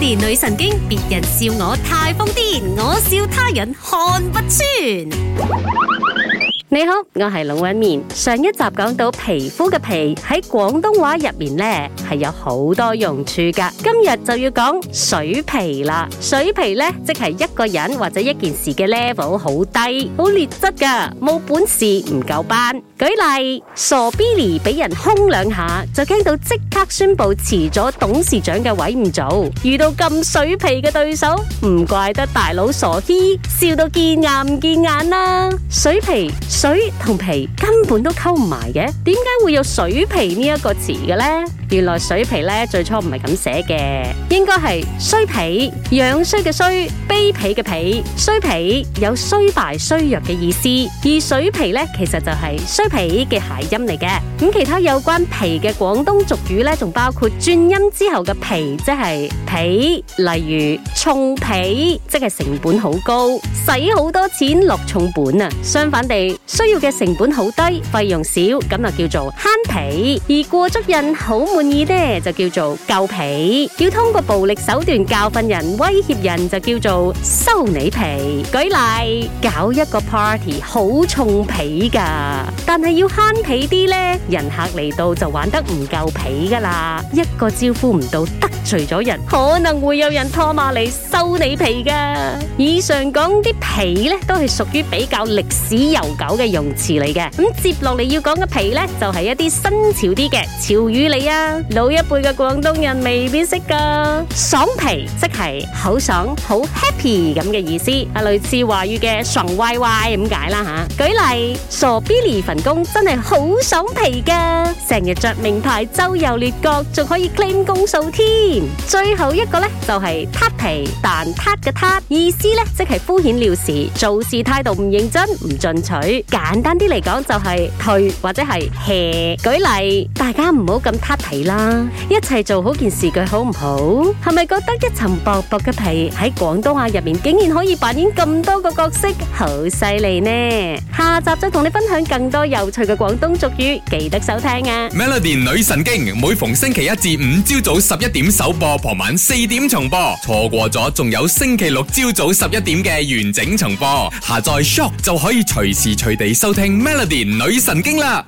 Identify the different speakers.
Speaker 1: .連女神經，別人笑我太瘋癲，我笑他人看不穿。你好，我係龍紋敏。上一集講到皮膚嘅皮喺廣東話入面呢係有好多用處噶，今日就要講水皮啦。水皮呢即係一個人或者一件事嘅 level 好低，好劣質噶，冇本事唔夠班。舉例，傻 Billy 俾人兇兩下，就驚到即刻宣布辭咗董事長嘅位唔做。遇到咁水皮嘅對手，唔怪不得大佬傻逼笑到見牙唔見眼啦，啊。水皮，水同皮根本都溝唔埋嘅，點解會有水皮呢一個詞嘅咧？原來水皮咧，最初唔係咁寫嘅，應該係衰皮，樣衰嘅衰，卑鄙嘅皮。衰皮有衰敗、衰弱嘅意思。而水皮咧，其實就係衰皮嘅諧音嚟嘅。咁其他有關皮嘅廣東俗語咧，仲包括轉音之後嘅皮，即係皮，例如重皮，即係成本好高，使好多錢落重本啊。相反地，需要嘅成本好低，費用少，咁就叫做慳皮。而過足印好。意咧就叫做夠皮，要通過暴力手段教訓人、威脅人，就叫做收你皮。舉例，搞一個 party 好重皮㗎。但係要慳皮啲咧，人客嚟到就玩得唔夠皮噶啦，一個招呼唔到得罪咗人，可能會有人拖馬嚟收你皮噶。以上講啲皮咧都係屬於比較歷史悠久嘅用詞嚟嘅，咁接落嚟要講嘅皮咧就係一啲新潮啲嘅潮語嚟啊，老一輩嘅廣東人未必識噶。爽皮即係好爽好 happy 咁嘅意思，啊類似華語嘅爽歪歪咁解啦吓。舉例，傻 Billy 粉。工真係好爽皮噶，成日着名牌周遊列國，仲可以 claim 公數添。最後一個咧就係 T。皮，但撻嘅撻意思咧，即係敷衍了事，做事態度唔認真，唔進取。簡單啲嚟講就係退或者係 hea。舉例，大家唔好咁撻皮啦，一齊做好件事嘅好唔好？係咪覺得一層薄薄嘅皮喺廣東話入面竟然可以扮演咁多個角色，好犀利呢？下集再同你分享更多有趣嘅廣東俗語，記得收聽啊！Melody 女神經每逢星期一至五朝早十一點首播，傍晚四點重播。錯。過咗，仲有星期六朝早十一點嘅完整重播。下載 Shop 就可以隨時隨地收聽 Melody 女神經啦。